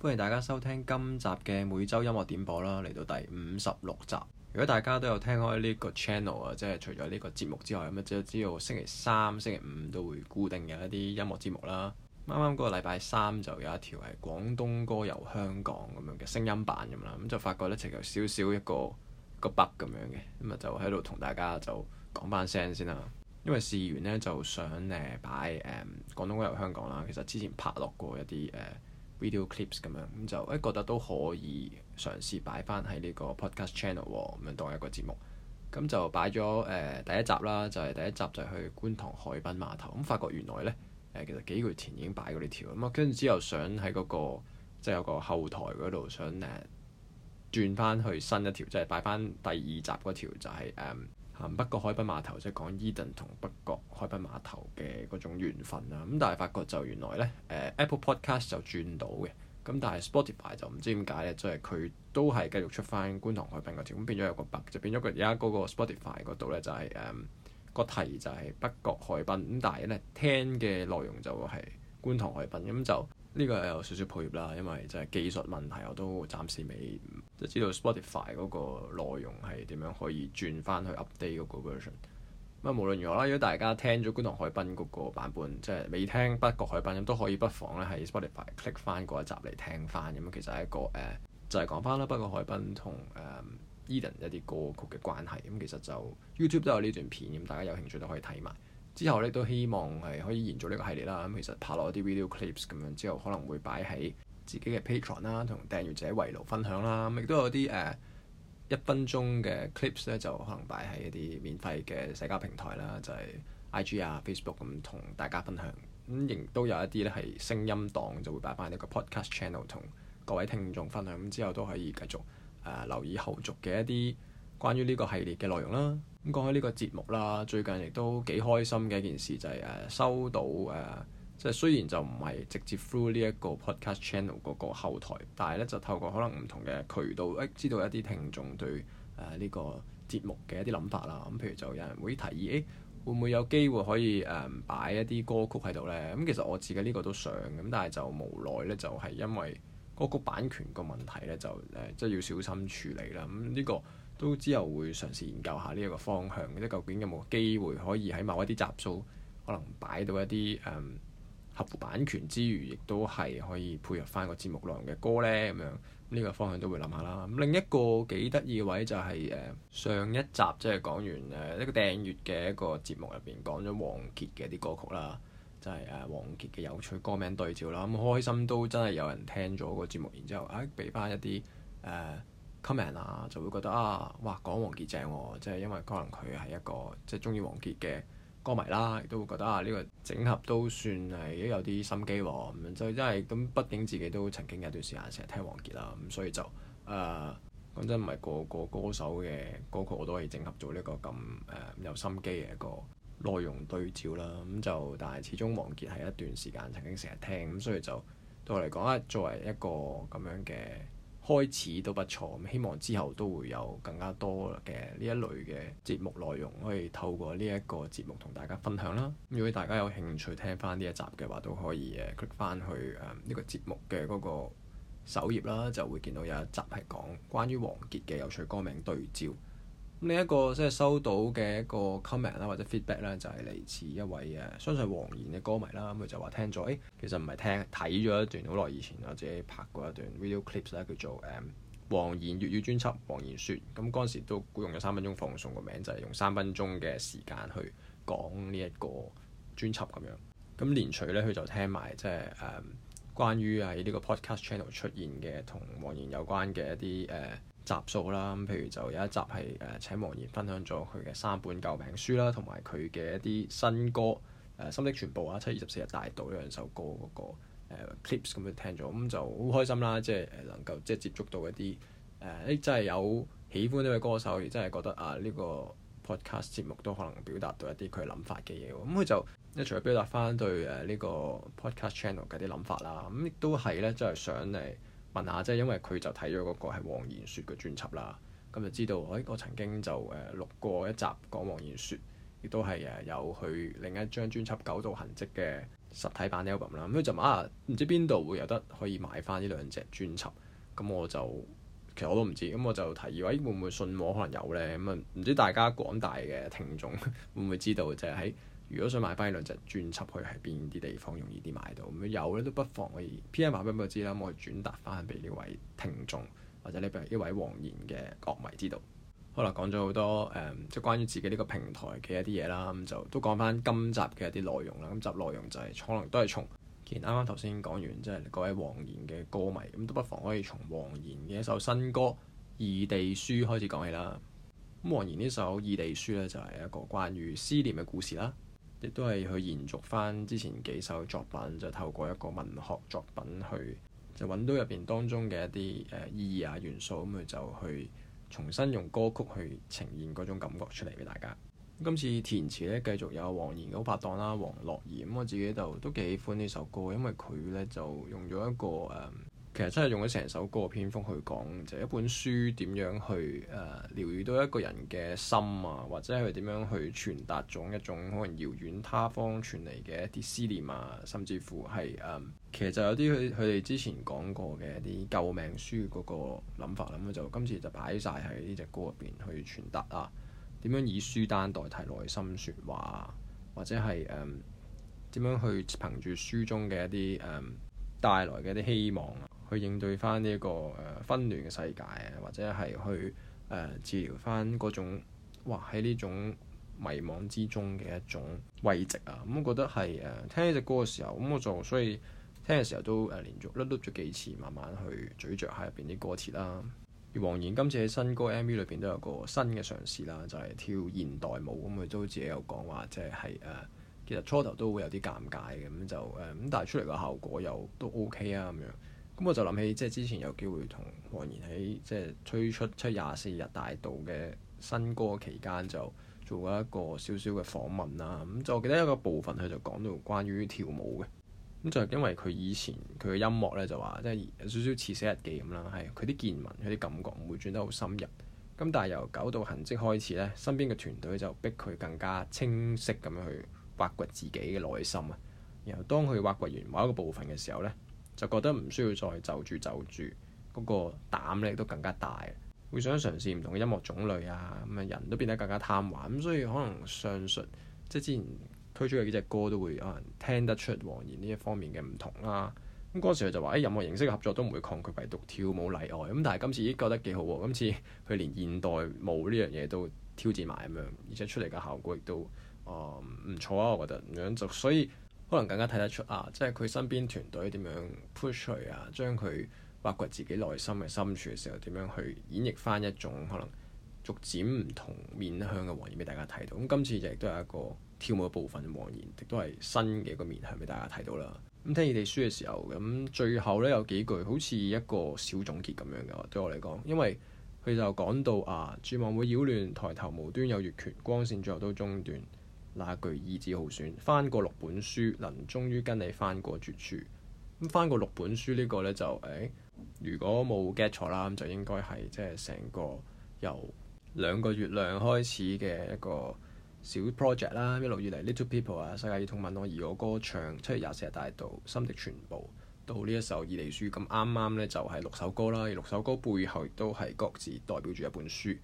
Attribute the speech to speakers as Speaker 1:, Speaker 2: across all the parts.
Speaker 1: 歡迎大家收聽今集嘅每周音樂點播啦，嚟到第五十六集。如果大家都有聽開呢個 channel 啊，即係除咗呢個節目之外，咁啊即係知道星期三、星期五都會固定有一啲音樂節目啦。啱啱嗰個禮拜三就有一條係廣東歌遊香港咁樣嘅聲音版咁啦，咁就發覺呢，其實有少少一個一個 bug 咁樣嘅，咁啊就喺度同大家就講翻聲先啦。因為試完呢就想誒擺誒廣東歌遊香港啦。其實之前拍落過一啲誒。嗯 Video clips 咁樣，咁就誒、欸、覺得都可以嘗試擺翻喺呢個 podcast channel 咁、哦、樣當一個節目。咁就擺咗誒第一集啦，就係、是、第一集就係去觀塘海濱碼頭。咁、嗯、發覺原來呢，誒、呃、其實幾個月前已經擺過呢條咁啊，跟、嗯、住之後想喺嗰、那個即係、就是、有個後台嗰度想誒、呃、轉翻去新一條，即係擺翻第二集嗰條就係、是、誒。Um, 北角海濱碼頭即係講伊頓同北角海濱碼頭嘅嗰種緣分啦。咁但係發覺就原來咧，誒、呃、Apple Podcast 就轉到嘅，咁但係 Spotify 就唔知點解呢，即係佢都係繼續出翻觀塘海濱嗰條，咁變咗有個 bug，就變咗佢而家嗰個 Spotify 嗰度呢，那個，就係誒個題就係北角海濱，咁但係呢聽嘅內容就係觀塘海濱，咁就。呢個係有少少配裂啦，因為即係技術問題，我都暫時未即知道 Spotify 嗰個內容係點樣可以轉翻去 update 嗰個 version。咁啊，無論如何啦，如果大家聽咗觀塘海濱嗰、嗰個版本，即係未聽北角海濱，咁都可以不妨咧喺 Spotify click 翻嗰一集嚟聽翻。咁、嗯、其實係一個誒、呃，就係講翻啦，北角海濱同、嗯、Eden 一啲歌曲嘅關係。咁、嗯、其實就 YouTube 都有呢段片，咁大家有興趣都可以睇埋。之後咧都希望係可以延續呢個系列啦。咁其實拍落一啲 video clips 咁樣之後，可能會擺喺自己嘅 Patreon 啦，同訂閱者圍爐分享啦。亦都有啲誒一分鐘嘅 clips 咧，就可能擺喺一啲免費嘅社交平台啦，就係、是、IG 啊、Facebook 咁同大家分享。咁亦都有一啲咧係聲音檔，就會擺翻呢個 podcast channel 同各位聽眾分享。咁之後都可以繼續誒、uh, 留意後續嘅一啲關於呢個系列嘅內容啦。咁講起呢個節目啦，最近亦都幾開心嘅一件事就係、是、誒、啊、收到誒，即、啊、係雖然就唔係直接 through 呢一個 podcast channel 嗰個後台，但係咧就透過可能唔同嘅渠道，一、啊、知道一啲聽眾對誒呢個節目嘅一啲諗法啦。咁、啊、譬如就有人會提議，誒、欸、會唔會有機會可以誒擺、啊、一啲歌曲喺度咧？咁其實我自己呢個都想，咁但係就無奈咧，就係、是、因為歌曲版權個問題咧，就誒即係要小心處理啦。咁、啊、呢、這個。都之後會嘗試研究下呢一個方向，即究竟有冇機會可以喺某一啲集數可能擺到一啲誒、嗯、合乎版權之餘，亦都係可以配合翻個節目內容嘅歌呢？咁樣，呢個方向都會諗下啦。另一個幾得意嘅位就係、是、誒、呃、上一集即係講完誒一個訂閱嘅一個節目入邊講咗王傑嘅啲歌曲啦，就係、是、誒、呃、王傑嘅有趣歌名對照啦，咁、嗯、開心都真係有人聽咗個節目，然之後誒俾翻一啲誒。呃 comment 啊，er, 就會覺得啊，哇講王傑正喎、哦，即係因為可能佢係一個即係中意王傑嘅歌迷啦，亦都會覺得啊呢、這個整合都算係有啲心機喎咁樣，就因為咁畢竟自己都曾經有段時間成日聽王傑啦，咁所以就誒講、呃、真唔係個個歌手嘅歌曲我都可以整合做呢個咁誒、呃、有心機嘅一個內容對照啦，咁、嗯、就但係始終王傑係一段時間曾經成日聽，咁所以就對我嚟講啊作為一個咁樣嘅。開始都不錯，咁希望之後都會有更加多嘅呢一類嘅節目內容，可以透過呢一個節目同大家分享啦。咁如果大家有興趣聽翻呢一集嘅話，都可以誒 click 翻去誒呢個節目嘅嗰個首頁啦，就會見到有一集係講關於王傑嘅有趣歌名對照。咁呢一個即係收到嘅一個 comment 啦，或者 feedback 啦，就係嚟自一位誒、啊，相信黃妍嘅歌迷啦。咁、啊、佢就話聽咗，誒其實唔係聽睇咗一段好耐以前或者拍過一段 video clips 啦、啊，叫做誒黃妍粵語專輯《黃妍説》黃妍。咁嗰陣時都用咗三分鐘放送，個名就係、是、用三分鐘嘅時間去講呢一個專輯咁樣。咁、啊、連隨咧，佢就聽埋即係誒、啊、關於喺呢個 podcast channel 出現嘅同黃妍有關嘅一啲誒。啊集數啦，咁譬如就有一集係誒、呃、請黃妍分享咗佢嘅三本救命書啦，同埋佢嘅一啲新歌誒、呃《心的全部》啊，《七二十四日大道》呢兩首歌嗰、那個、呃、clips 咁樣聽咗，咁就好開心啦，即係能夠即係接觸到一啲誒、呃，真係有喜歡呢位歌手，亦真係覺得啊呢、這個 podcast 節目都可能表達到一啲佢諗法嘅嘢喎。咁、嗯、佢就即除、啊這個、一除咗表達翻對誒呢個 podcast channel 嘅啲諗法啦，咁、嗯、亦都係咧，即係想嚟。問下即係，因為佢就睇咗嗰個係黃燕雪嘅專輯啦，咁就知道，哎，我曾經就誒錄過一集講黃燕雪，亦都係誒有去另一張專輯《九道痕跡》嘅實體版 album 啦。咁佢就問啊，唔知邊度會有得可以買翻呢兩隻專輯。咁我就其實我都唔知，咁我就提議，喂、哎，會唔會信我可能有呢。咁啊，唔知大家廣大嘅聽眾會唔會知道就，就係喺。如果想買翻呢兩隻專輯，去喺邊啲地方容易啲買到咁有咧，都不妨可以 P.M. 話、啊、俾我知啦、啊嗯，我轉達翻俾呢位聽眾或者呢位黃妍嘅歌迷知道。好啦，講咗好多誒、嗯，即係關於自己呢個平台嘅一啲嘢啦，咁、嗯、就都講翻今集嘅一啲內容啦。咁集內容就係、是、可能都係從見啱啱頭先講完，即係各位黃妍嘅歌迷咁、嗯，都不妨可以從黃妍嘅一首新歌《異地書》開始講起啦。咁、嗯、黃妍呢首《異地書》咧，就係、是、一個關於思念嘅故事啦。啊亦都係去延續翻之前幾首作品，就透過一個文學作品去，就揾到入邊當中嘅一啲誒意義啊元素，咁佢就去重新用歌曲去呈現嗰種感覺出嚟俾大家。今次填詞咧繼續有黃妍嘅好拍檔啦，王樂儀。咁我自己就都幾喜歡呢首歌，因為佢咧就用咗一個誒。嗯其實真係用咗成首歌嘅篇幅去講，就係、是、一本書點樣去誒、呃、療癒到一個人嘅心啊，或者係點樣去傳達一種一種可能遙遠他方傳嚟嘅一啲思念啊，甚至乎係誒、嗯、其實就有啲佢佢哋之前講過嘅一啲救命書嗰個諗法，咁、嗯、就今次就擺晒喺呢隻歌入邊去傳達啊，點樣以書單代替內心説話、啊、或者係誒點樣去憑住書中嘅一啲誒、嗯、帶來嘅一啲希望啊～去應對翻呢一個誒紛亂嘅世界啊，或者係去誒治療翻嗰種哇喺呢種迷惘之中嘅一種慰藉啊。咁、嗯、我覺得係誒聽呢隻歌嘅時候，咁、嗯、我就所以聽嘅時候都誒、啊、連續碌碌咗幾次，慢慢去咀嚼下入邊啲歌詞啦。而黃妍今次喺新歌 M V 裏邊都有個新嘅嘗試啦，就係、是、跳現代舞咁佢、嗯、都自己有講話即係係誒其實初頭都會有啲尷尬嘅咁就誒咁、啊，但係出嚟嘅效果又都 O、OK、K 啊咁樣。咁我就諗起，即係之前有機會同黃妍喺即係推出出廿四日大道嘅新歌期間，就做過一個少少嘅訪問啦。咁就我記得一個部分，佢就講到關於跳舞嘅。咁就係因為佢以前佢嘅音樂咧，就話即係有少少似寫日記咁啦。係佢啲見聞，佢啲感覺唔會轉得好深入。咁但係由九道痕跡開始咧，身邊嘅團隊就逼佢更加清晰咁樣去挖掘自己嘅內心啊。然後當佢挖掘完某一個部分嘅時候咧，就覺得唔需要再就住就住，嗰、那個膽咧都更加大，會想嘗試唔同嘅音樂種類啊，咁啊人都變得更加貪玩，咁所以可能上述即係之前推出嘅幾隻歌都會有人聽得出黃妍呢一方面嘅唔同啦、啊。咁嗰時佢就話：誒任何形式合作都唔會抗拒，唯獨跳舞例外。咁但係今次已經覺得幾好喎、啊，今次佢連現代舞呢樣嘢都挑戰埋咁樣，而且出嚟嘅效果亦都唔錯、呃、啊，我覺得咁樣就所以。可能更加睇得出啊，即係佢身邊團隊點樣 push 啊，將佢挖掘自己內心嘅深處嘅時候點樣去演繹翻一種可能逐漸唔同面向嘅黃妍俾大家睇到。咁今次亦都有一個跳舞嘅部分嘅黃妍，亦都係新嘅一個面向俾大家睇到啦。咁聽異地書嘅時候，咁最後咧有幾句好似一個小總結咁樣嘅，對我嚟講，因為佢就講到啊，絕望會擾亂抬頭無端有月缺，光線最後都中斷。那句意志好選翻過六本書，能終於跟你翻過絕處。咁、嗯、翻過六本書呢個呢，就誒、欸，如果冇 get 錯啦，咁就應該係即係成個由兩個月亮開始嘅一個小 project 啦。一路以嚟《Little People》啊，《世界兒童文學兒歌歌唱》七月廿四日大道心的全部到呢一首異地書，咁啱啱呢，就係、是、六首歌啦。而六首歌背後都係各自代表住一本書咁、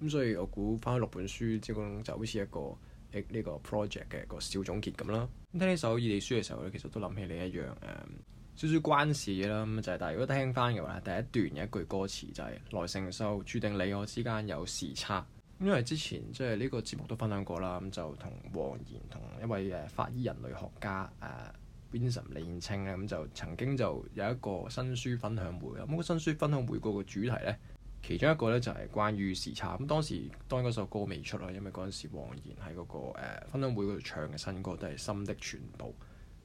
Speaker 1: 嗯，所以我估翻六本書，即係就好似一個。呢呢個 project 嘅個小總結咁啦，咁聽呢首異地書嘅時候咧，其實都諗起你一樣誒、嗯，少少關事啦。咁就係，但係如果聽翻嘅話，第一段有一句歌詞就係來承受，注定你我之間有時差。咁、嗯、因為之前即係呢個節目都分享過啦，咁、嗯、就同黃妍同一位誒法醫人類學家誒、啊、Vincent 李燕青咧，咁、嗯、就曾經就有一個新書分享會。咁、嗯、個新書分享會個個主題咧。其中一個咧就係關於時差咁。當時當嗰首歌未出啦，因為嗰陣時黃妍喺嗰個、呃、分享會嗰度唱嘅新歌都係《心的全部》。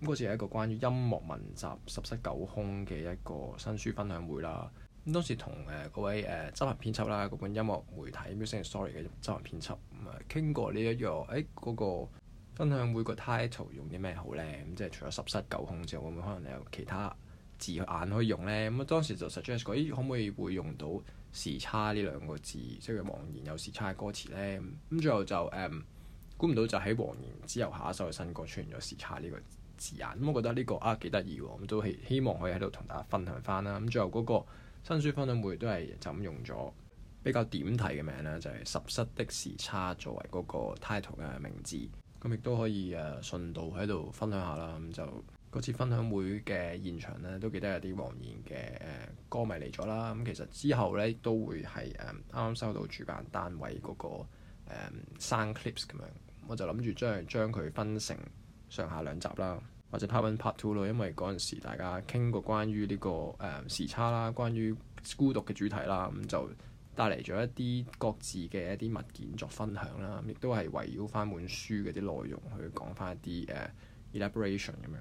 Speaker 1: 咁嗰時係一個關於音樂文集《十室九空》嘅一個新書分享會啦。咁當時同誒嗰位誒、呃、執行編輯啦，嗰本音樂媒體《Music Sorry》嘅執行編輯咁啊，傾過呢一樣誒嗰個分享會個 title 用啲咩好咧？咁即係除咗《十室九空》之後，仲會唔會可能有其他字眼可以用咧？咁啊，當時就 suggest 過咦，可唔可以會用到？時差呢兩個字，即係黃妍有時差嘅歌詞呢，咁、嗯、最後就誒，估、嗯、唔到就喺黃妍之後下一首嘅新歌出現咗時差呢個字眼，咁、嗯、我覺得呢、這個啊幾得意喎，咁、嗯、都希希望可以喺度同大家分享返啦，咁、嗯、最後嗰個新書分享會都係就咁用咗比較點題嘅名呢，就係、是《十室的時差》作為嗰個 title 嘅名字，咁亦都可以誒、啊、順道喺度分享下啦，咁、嗯、就。嗰次分享會嘅現場咧，都記得有啲黃妍嘅誒歌迷嚟咗啦。咁其實之後咧都會係誒啱啱收到主辦單位嗰、那個生、呃、clips 咁樣，我就諗住將將佢分成上下兩集啦，或者 part one part two 咯。因為嗰陣時大家傾過關於呢、這個誒、呃、時差啦，關於孤獨嘅主題啦，咁、嗯、就帶嚟咗一啲各自嘅一啲物件作分享啦，亦都係圍繞翻本書嘅啲內容去講翻一啲誒、呃、elaboration 咁樣。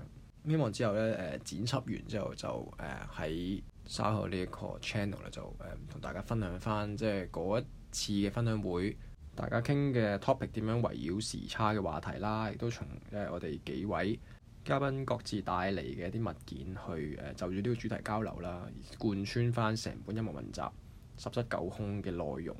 Speaker 1: 希望之後咧，誒剪輯完之後就誒喺稍後呢一個 channel 咧，就誒同大家分享翻，即係嗰一次嘅分享會，大家傾嘅 topic 點樣圍繞時差嘅話題啦，亦都從誒我哋幾位嘉賓各自帶嚟嘅一啲物件去誒就住呢個主題交流啦，貫穿翻成本音樂文集十室久空嘅內容，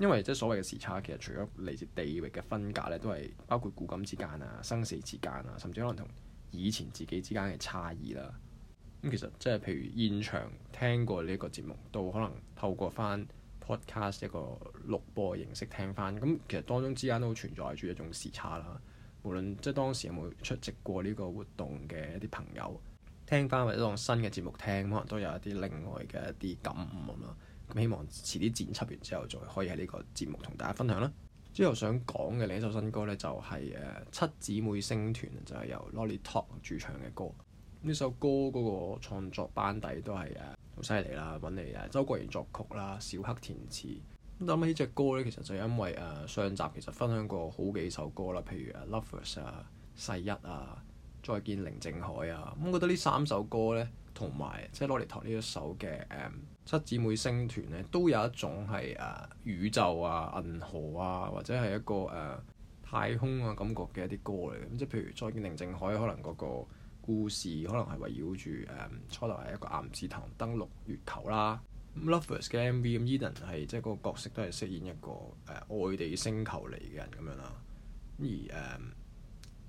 Speaker 1: 因為即係所謂嘅時差，其實除咗嚟自地域嘅分隔咧，都係包括古今之間啊、生死之間啊，甚至可能同以前自己之間嘅差異啦，咁、嗯、其實即係譬如現場聽過呢個節目，都可能透過翻 podcast 一個錄播嘅形式聽翻，咁、嗯、其實當中之間都存在住一種時差啦。無論即係當時有冇出席過呢個活動嘅一啲朋友聽翻，或者當新嘅節目聽，可能都有一啲另外嘅一啲感悟啦。咁、嗯、希望遲啲剪輯完之後，再可以喺呢個節目同大家分享啦。之後想講嘅另一首新歌呢、就是，就係誒七姊妹星團就係、是、由 Lolly Talk 主唱嘅歌。呢首歌嗰個創作班底都係誒好犀利啦，揾嚟啊周國賢作曲啦，小黑填詞。諗起隻歌呢，其實就因為誒上集其實分享過好幾首歌啦，譬如《Lovers》啊、《世一》啊、《再見寧靜海》啊，咁覺得呢三首歌呢。同埋即係攞嚟彈呢一首嘅誒七姊妹星團咧，都有一種係誒、呃、宇宙啊、銀河啊，或者係一個誒、呃、太空啊感覺嘅一啲歌嚟嘅。咁即係譬如《再見寧靜海》，可能嗰個故事可能係圍繞住誒、呃、初頭係一個岩士堂登陸月球啦。咁《Loveless》嘅 M V，咁 Eden 係即係個角色都係飾演一個誒外、呃、地星球嚟嘅人咁樣啦。而誒。呃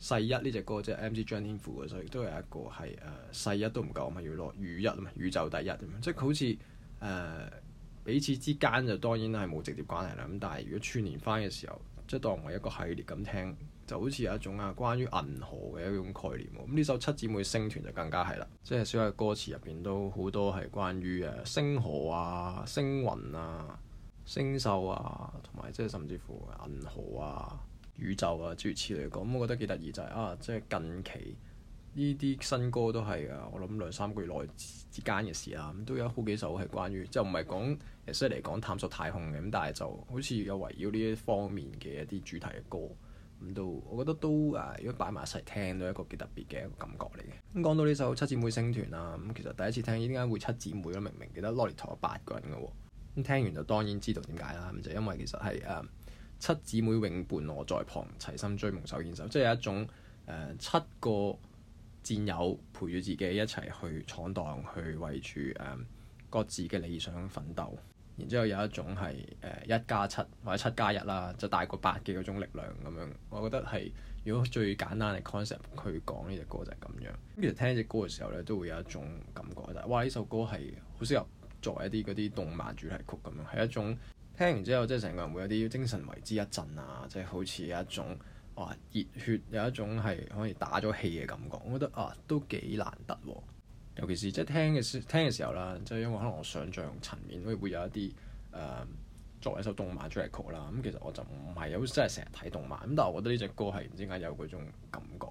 Speaker 1: 《世一》呢隻歌即係 M.C. 張天賦嘅，所以都係一個係誒世一都唔夠，嘛，咪要落宇宙一啊嘛，宇宙第一。咁即係佢好似誒、呃、彼此之間就當然係冇直接關係啦。咁但係如果串連翻嘅時候，即係當為一個系列咁聽，就好似有一種啊關於銀河嘅一種概念。咁呢首七姊妹星團就更加係啦，即係所有歌詞入邊都好多係關於誒星河啊、星雲啊、星秀啊，同埋即係甚至乎銀河啊。宇宙啊，諸如此類嚟講、嗯、我覺得幾得意就係、是、啊，即係近期呢啲新歌都係啊，我諗兩三個月內之之間嘅事啦、啊，咁都有好幾首係關於，即唔係講 e 嚟講探索太空嘅，咁但係就好似有圍繞呢一方面嘅一啲主題嘅歌，咁、嗯、都我覺得都啊，如果擺埋一齊聽都一個幾特別嘅一個感覺嚟嘅。咁、嗯、講到呢首七姊妹星團啊，咁、嗯、其實第一次聽點解會七姊妹咧？明明記得 Lolly Talk 八個人嘅喎、啊，咁、嗯、聽完就當然知道點解啦，咁、啊、就、嗯、因為其實係誒。啊。七姊妹永伴我在旁，齊心追夢手牽手，即係有一種誒、呃、七個戰友陪住自己一齊去闖蕩，去為住誒各自嘅理想奮鬥。然之後有一種係誒、呃、一加七或者七加一啦，就大過八嘅嗰種力量咁樣。我覺得係如果最簡單嘅 concept，佢講呢隻歌就係咁樣。咁其實聽呢隻歌嘅時候咧，都會有一種感覺、就是，就係哇呢首歌係好適合作為一啲嗰啲動漫主題曲咁樣，係一種。聽完之後，即係成個人會有啲精神為之一振啊！即係好似有一種啊熱血，有一種係可以打咗氣嘅感覺。我覺得啊，都幾難得喎、啊。尤其是即係聽嘅時聽嘅時候啦，即係因為可能我想像層面會會有一啲、呃、作為一首動漫主題曲啦。咁其實我就唔係有真係成日睇動漫咁，但係我覺得呢隻歌係唔知點解有嗰種感覺。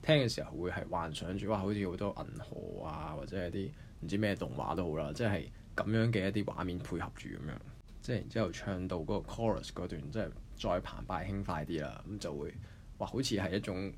Speaker 1: 聽嘅時候會係幻想住哇，好似好多銀河啊，或者係啲唔知咩動畫都好啦，即係咁樣嘅一啲畫面配合住咁樣。即係然之後唱到嗰個 chorus 嗰段，即係再澎湃輕快啲啦，咁、嗯、就會話好似係一種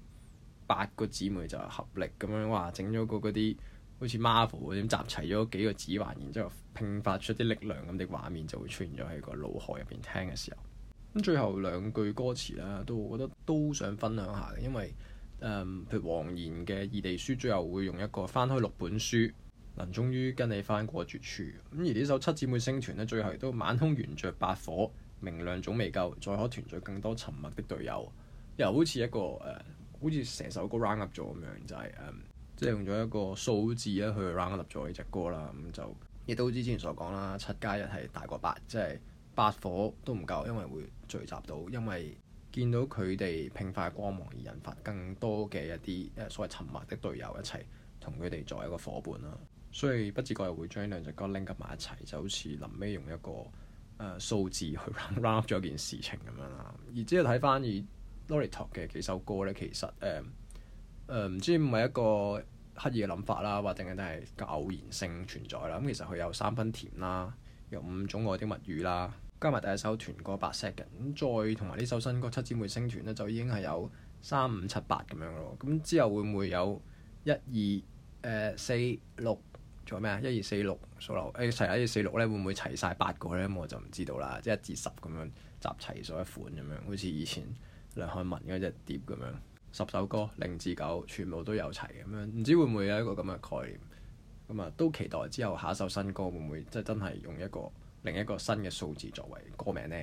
Speaker 1: 八個姊妹就合力咁樣，哇！整咗個嗰啲好似 Marvel 嗰啲集齊咗幾個指環，然之後拼發出啲力量咁的畫面就會出現咗喺個腦海入邊聽嘅時候。咁、嗯、最後兩句歌詞啦，都我覺得都想分享下，因為誒、嗯、譬如黃妍嘅《異地書》最後會用一個翻開六本書。能終於跟你翻過絕處，咁而呢首《七姊妹星團》呢，最後都晚空燃着八火，明亮總未夠，再可團聚更多沉默的隊友，又好似一個誒、呃，好似成首歌 round up 咗咁樣，就係即係用咗一個數字咧去 round up 咗呢隻歌啦。咁、嗯、就亦都好似之前所講啦，七加一係大過八，即、就、係、是、八火都唔夠，因為會聚集到，因為見到佢哋迸發光芒而引發更多嘅一啲誒所謂沉默的隊友一齊同佢哋作為一個伙伴啦。所以不自覺又會將呢兩隻歌 link 埋一齊，就好似臨尾用一個誒、呃、數字去 round up 咗件事情咁樣啦。而之後睇翻《Lolly Talk》嘅幾首歌咧，其實誒誒唔知唔係一個刻意嘅諗法啦，或者係但係偶然性存在啦。咁其實佢有三分甜啦，有五種愛的物語啦，加埋第一首團歌《白石》嘅，咁再同埋呢首新歌《七姊妹星團》咧，就已經係有三五七八咁樣咯。咁之後會唔會有一二誒四六？仲有咩啊？一二四六數流誒，齊一二四六咧，會唔會齊晒八個咧？咁、嗯、我就唔知道啦。即係一至十咁樣集齊咗一款咁樣，好似以前梁漢文嗰隻碟咁樣，十首歌零至九全部都有齊咁樣，唔知會唔會有一個咁嘅概念咁啊、嗯？都期待之後下一首新歌會唔會即係真係用一個另一個新嘅數字作為歌名呢？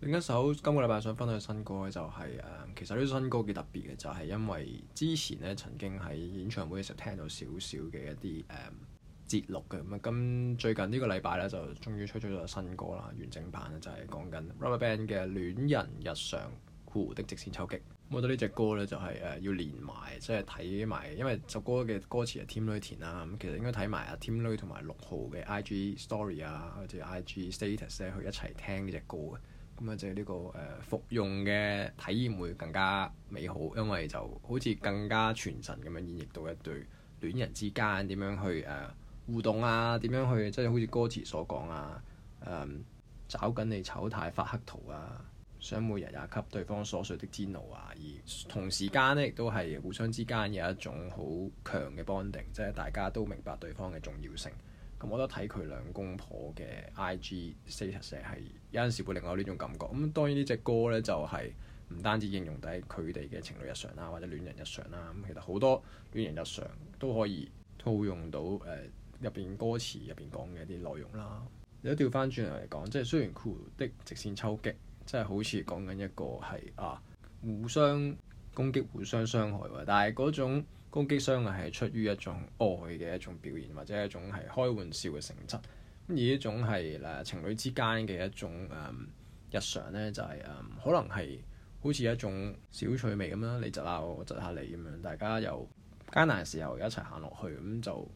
Speaker 1: 另一首今個禮拜想分享新歌咧，就係、是、誒，其實呢首新歌幾特別嘅，就係、是、因為之前咧曾經喺演唱會嘅時候聽到少少嘅一啲誒。Um, 節錄嘅咁啊，咁最近個呢個禮拜咧就終於出咗新歌啦，完整版就係講緊 RubberBand 嘅戀人日常酷的直線抽擊。我覺得呢隻歌咧就係、是、誒、呃、要連埋，即係睇埋，因為首歌嘅歌詞係 Tim Lui 填啊，咁、嗯、其實應該睇埋阿 Tim Lui 同埋六號嘅 I G Story 啊，或者 I G Status 咧去一齊聽呢隻歌嘅。咁啊、這個，即係呢個誒服用嘅體驗會更加美好，因為就好似更加全神咁樣演繹到一對戀人之間點樣去誒。呃互動啊，點樣去即係好似歌詞所講啊，找、嗯、緊你醜態發黑圖啊，想每日也給對方瑣碎的煎熬啊，而同時間呢，亦都係互相之間有一種好強嘅 bonding，即係大家都明白對方嘅重要性。咁我覺得睇佢兩公婆嘅 IG status 係有陣時會令我呢種感覺。咁當然呢隻歌呢，就係、是、唔單止應用喺佢哋嘅情侶日常啦、啊，或者戀人日常啦、啊。咁其實好多戀人日常都可以套用到誒。呃入邊歌詞入邊講嘅一啲內容啦，如果調翻轉嚟講，即係雖然酷的直線抽擊，即係好似講緊一個係啊互相攻擊、互相傷害，但係嗰種攻擊、傷害係出於一種愛嘅一種表現，或者一種係開玩笑嘅性質。咁而一種係誒情侶之間嘅一種誒、嗯、日常呢就係、是、誒、嗯、可能係好似一種小趣味咁樣，你窒下我，我窒下你咁樣，大家又艱難嘅時候一齊行落去咁就。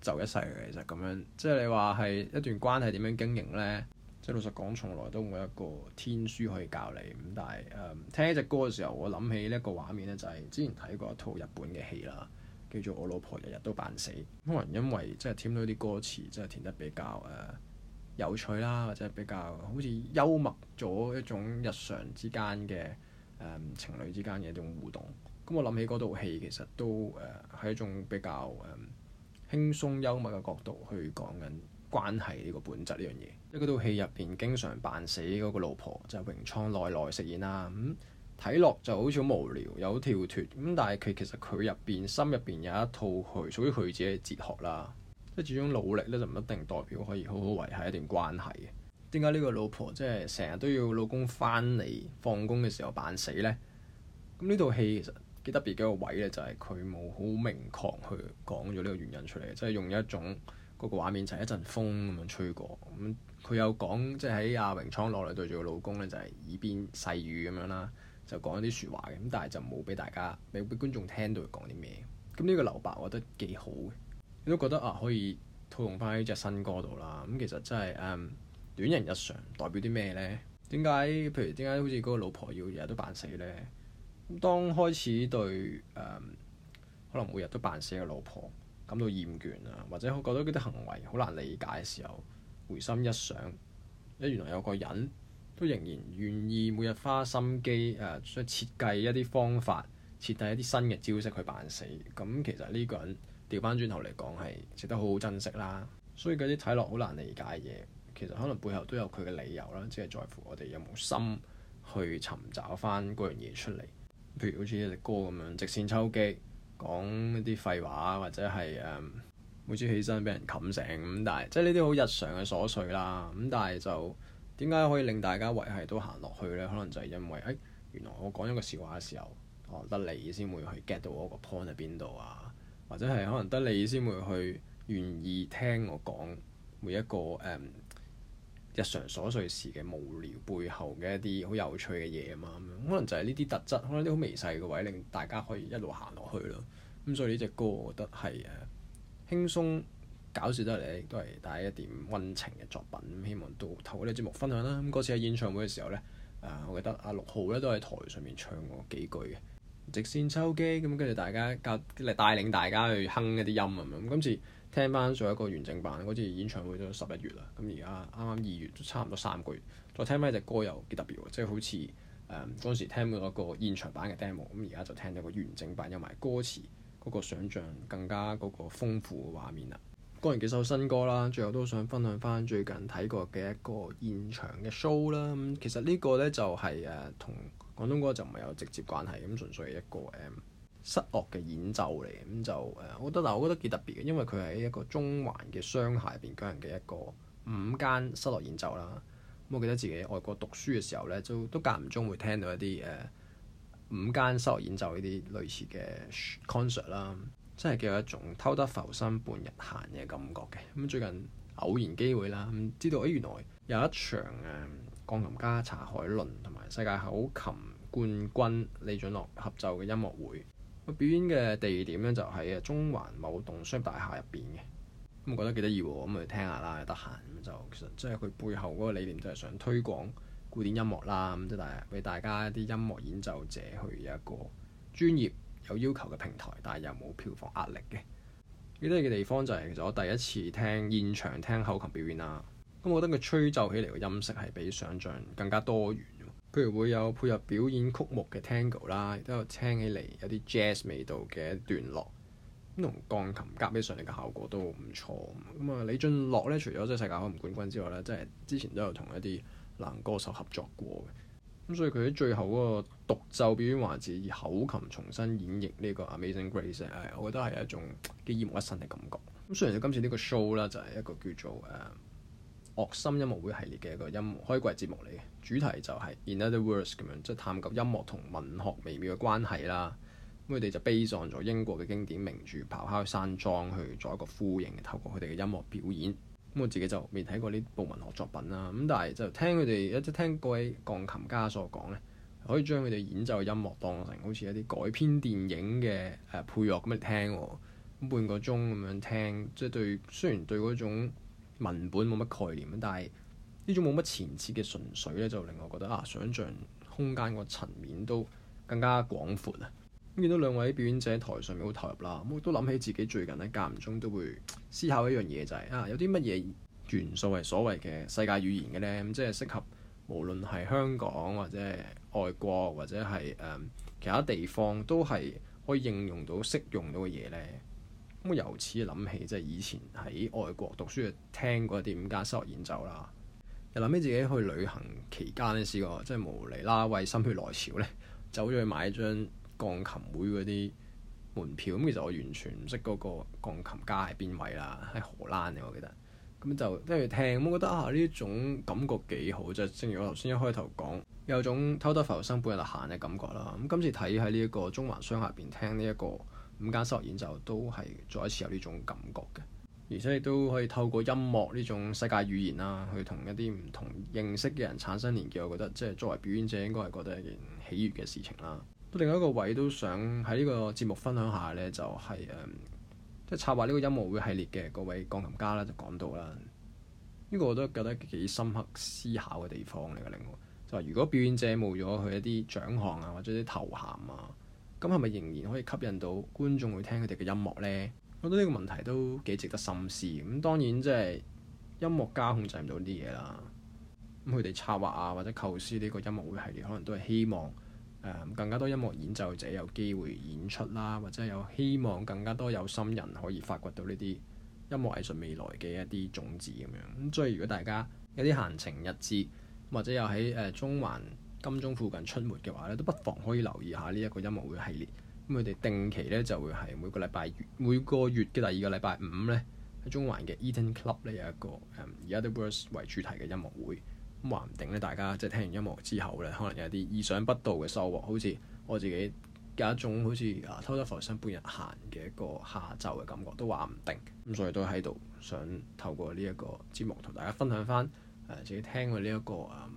Speaker 1: 就一世嘅其實咁樣，即係你話係一段關係點樣經營呢？即係老實講，從來都冇一個天書可以教你。咁但係誒聽一隻歌嘅時候，我諗起呢一個畫面呢，就係之前睇過一套日本嘅戲啦，叫做《我老婆日日都扮死》。可能因為即係填到啲歌詞，真係填得比較誒、呃、有趣啦，或者比較好似幽默咗一種日常之間嘅、呃、情侶之間嘅一種互動。咁、嗯、我諗起嗰部戲其實都誒係、呃、一種比較誒。呃輕鬆幽默嘅角度去講緊關係呢個本質呢樣嘢，因為套戲入邊經常扮死嗰個老婆就係榮倉奈奈飾演啦、啊嗯，咁睇落就好似好無聊有跳脫，咁但係佢其實佢入邊心入邊有一套佢屬於佢自己嘅哲學啦，即係始終努力咧就唔一定代表可以好好維係一段關係嘅。點解呢個老婆即係成日都要老公返嚟放工嘅時候扮死呢？咁呢套戲其實。幾特別嘅一個位咧，就係佢冇好明確去講咗呢個原因出嚟，即係用一種，嗰個畫面就係一陣風咁樣吹過。咁佢有講，即係喺阿榮倉落嚟對住個老公咧，就係耳邊細語咁樣啦，就講一啲説話嘅。咁但係就冇俾大家，俾觀眾聽到佢講啲咩。咁呢個留白，我覺得幾好嘅。你都覺得啊，可以套用翻喺隻新歌度啦。咁其實真係誒，um, 戀人日常代表啲咩咧？點解譬如點解好似嗰個老婆要日日都扮死咧？當開始對誒、嗯，可能每日都扮死嘅老婆感到厭倦啦，或者覺得佢啲行為好難理解嘅時候，回心一想，誒原來有個人都仍然願意每日花心機誒，再、呃、設計一啲方法，設計一啲新嘅招式去扮死。咁其實呢個人掉翻轉頭嚟講係值得好好珍惜啦。所以嗰啲睇落好難理解嘅嘢，其實可能背後都有佢嘅理由啦。只係在乎我哋有冇心去尋找翻嗰樣嘢出嚟。譬如好似一隻歌咁樣，直線抽擊講一啲廢話，或者係誒、um, 每次起身俾人冚醒。咁。但係即係呢啲好日常嘅瑣碎啦。咁但係就點解可以令大家維繫都行落去呢？可能就係因為誒、欸、原來我講一個笑話嘅時候，啊、得你先會去 get 到我個 point 喺邊度啊，或者係可能得你先會去願意聽我講每一個誒。Um, 日常瑣碎事嘅無聊背後嘅一啲好有趣嘅嘢啊嘛，咁樣可能就係呢啲特質，可能啲好微細嘅位令大家可以一路行落去咯。咁所以呢隻歌，我覺得係誒輕鬆搞笑得嚟，亦都係帶一點溫情嘅作品。咁希望透過呢啲節目分享啦。咁嗰次喺演唱會嘅時候咧，誒我記得阿六號咧都喺台上面唱過幾句嘅直線抽擊，咁跟住大家夾嚟帶領大家去哼一啲音啊嘛。咁今次。聽翻仲有一個完整版，好似演唱會都十一月啦，咁而家啱啱二月，差唔多三個月。再聽翻隻歌又幾特別喎，即、就、係、是、好似誒、嗯、當時聽過一個現場版嘅 demo，咁而家就聽到個完整版，有埋歌詞嗰個想像更加嗰個豐富嘅畫面啦。講完幾首新歌啦，最後都想分享翻最近睇過嘅一個現場嘅 show 啦。咁、嗯、其實個呢個咧就係誒同廣東歌就唔係有直接關係，咁純粹係一個誒。嗯室樂嘅演奏嚟，咁就誒，我覺得嗱，我覺得幾特別嘅，因為佢係一個中環嘅商廈入邊舉行嘅一個午間室樂演奏啦。咁我記得自己外國讀書嘅時候咧，都都間唔中會聽到一啲誒、呃、午間室樂演奏呢啲類似嘅 concert 啦，真係嘅有一種偷得浮生半日閒嘅感覺嘅。咁最近偶然機會啦，知道誒、欸、原來有一場誒、呃、鋼琴家查海倫同埋世界口琴冠軍李俊樂合奏嘅音樂會。個表演嘅地點咧就喺中環某棟商業大廈入邊嘅，咁我覺得幾得意喎，咁咪聽下啦，得閒咁就其實即係佢背後嗰個理念就係想推廣古典音樂啦，咁即係俾大家一啲音樂演奏者去一個專業有要求嘅平台，但係又冇票房壓力嘅。幾得意嘅地方就係、是、其實我第一次聽現場聽口琴表演啦，咁我覺得佢吹奏起嚟嘅音色係比想像更加多元。譬如會有配合表演曲目嘅 tango 啦，亦都有聽起嚟有啲 jazz 味道嘅一段落，咁同鋼琴夾起上嚟嘅效果都唔錯。咁、嗯、啊，李俊樂咧除咗即係世界口琴冠軍之外咧，即係之前都有同一啲男歌手合作過嘅。咁、嗯、所以佢喺最後嗰個獨奏表演環節，以口琴重新演繹呢、這個 Amazing Grace，哎、我覺得係一種幾耳目一新嘅感覺。咁、嗯、雖然到今次呢個 show 啦，就係一個叫做誒。Uh, 樂心音樂會系列嘅一個音樂開季節目嚟嘅，主題就係 In Other Words 咁樣，即係探究音樂同文學微妙嘅關係啦。咁佢哋就 based on 咗英國嘅經典名著《咆哮山莊》去做一個呼應，透過佢哋嘅音樂表演。咁我自己就未睇過呢部文學作品啦。咁但係就聽佢哋一聽各位鋼琴家所講咧，可以將佢哋演奏嘅音樂當成好似一啲改編電影嘅誒配樂咁嚟聽，喔。咁半個鐘咁樣聽，即係對雖然對嗰種文本冇乜概念，但係呢種冇乜前設嘅純粹咧，就令我覺得啊，想像空間個層面都更加廣闊啊！咁見到兩位表演者喺台上面好投入啦，咁我都諗起自己最近咧間唔中都會思考一樣嘢，就係、是、啊，有啲乜嘢元素係所謂嘅世界語言嘅呢？咁、嗯、即係適合無論係香港或者係外國或者係誒、嗯、其他地方都係可以應用到、適用到嘅嘢呢。咁由此諗起，即係以前喺外國讀書聽過一啲五家室樂演奏啦。又諗起自己去旅行期間呢，試過即係無釐啦，為心血來潮呢走咗去買一張鋼琴會嗰啲門票。咁其實我完全唔識嗰個鋼琴家係邊位啦，喺荷蘭嘅我記得。咁就跟住聽，聽、嗯，我覺得啊，呢一種感覺幾好，即係正如我頭先一開頭講，有種偷得浮生半日閒嘅感覺啦。咁、嗯、今次睇喺呢一個中環商下邊聽呢、這、一個。午間室樂演奏都係再一次有呢種感覺嘅，而且亦都可以透過音樂呢種世界語言啦，去同一啲唔同認識嘅人產生連結。我覺得即係作為表演者應該係覺得一件喜悅嘅事情啦。另外一個位都想喺呢個節目分享下呢，就係誒即係策劃呢個音樂會系列嘅各位鋼琴家啦，就講到啦，呢個我都覺得幾深刻思考嘅地方嚟嘅。另外就話如果表演者冇咗佢一啲獎項啊，或者啲頭銜啊，咁係咪仍然可以吸引到觀眾去聽佢哋嘅音樂呢？我覺得呢個問題都幾值得深思。咁當然即係音樂家控制唔到呢啲嘢啦。咁佢哋策劃啊，或者構思呢個音樂會系列，可能都係希望、呃、更加多音樂演奏者有機會演出啦，或者有希望更加多有心人可以發掘到呢啲音樂藝術未來嘅一啲種子咁樣。咁所以如果大家有啲閒情逸致，或者又喺誒、呃、中環、金鐘附近出沒嘅話咧，都不妨可以留意下呢一個音樂會系列。咁佢哋定期咧就會係每個禮拜月、每個月嘅第二個禮拜五咧，喺中環嘅 Eaton Club 咧有一個而 Other Words》嗯、為主題嘅音樂會。咁話唔定咧，大家即係、就是、聽完音樂之後咧，可能有啲意想不到嘅收穫，好似我自己有一種好似啊偷得浮生半日閒嘅一個下晝嘅感覺，都話唔定。咁所以都喺度想透過呢一個節目同大家分享翻誒、啊、自己聽過呢一個啊。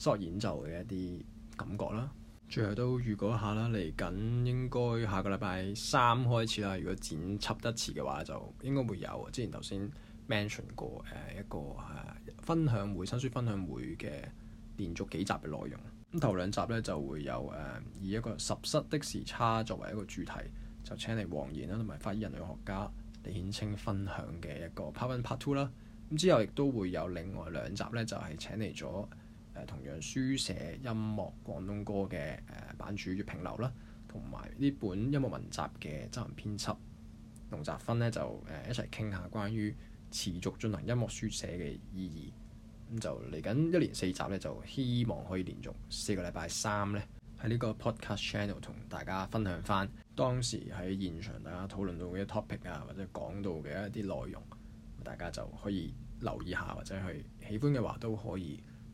Speaker 1: 所演奏嘅一啲感覺啦。最後都預告一下啦，嚟緊應該下個禮拜三開始啦。如果剪輯得遲嘅話，就應該會有之前頭先 mention 過誒、呃、一個、啊、分享會、新書分享會嘅連續幾集嘅內容。咁頭兩集咧就會有誒、啊、以一個十室的時差作為一個主題，就請嚟黃妍啦，同埋法醫人類學家李衍菁分享嘅一個 part one part two 啦。咁之後亦都會有另外兩集咧，就係、是、請嚟咗。同樣書寫音樂廣東歌嘅誒、呃、版主月平流啦，同埋呢本音樂文集嘅執行編輯瀧澤勳呢就誒一齊傾下關於持續進行音樂書寫嘅意義。咁就嚟緊一連四集呢，就希望可以連續四個禮拜三呢，喺呢個 podcast channel 同大家分享返當時喺現場大家討論到嘅 topic 啊，或者講到嘅一啲內容，大家就可以留意下，或者去喜歡嘅話都可以。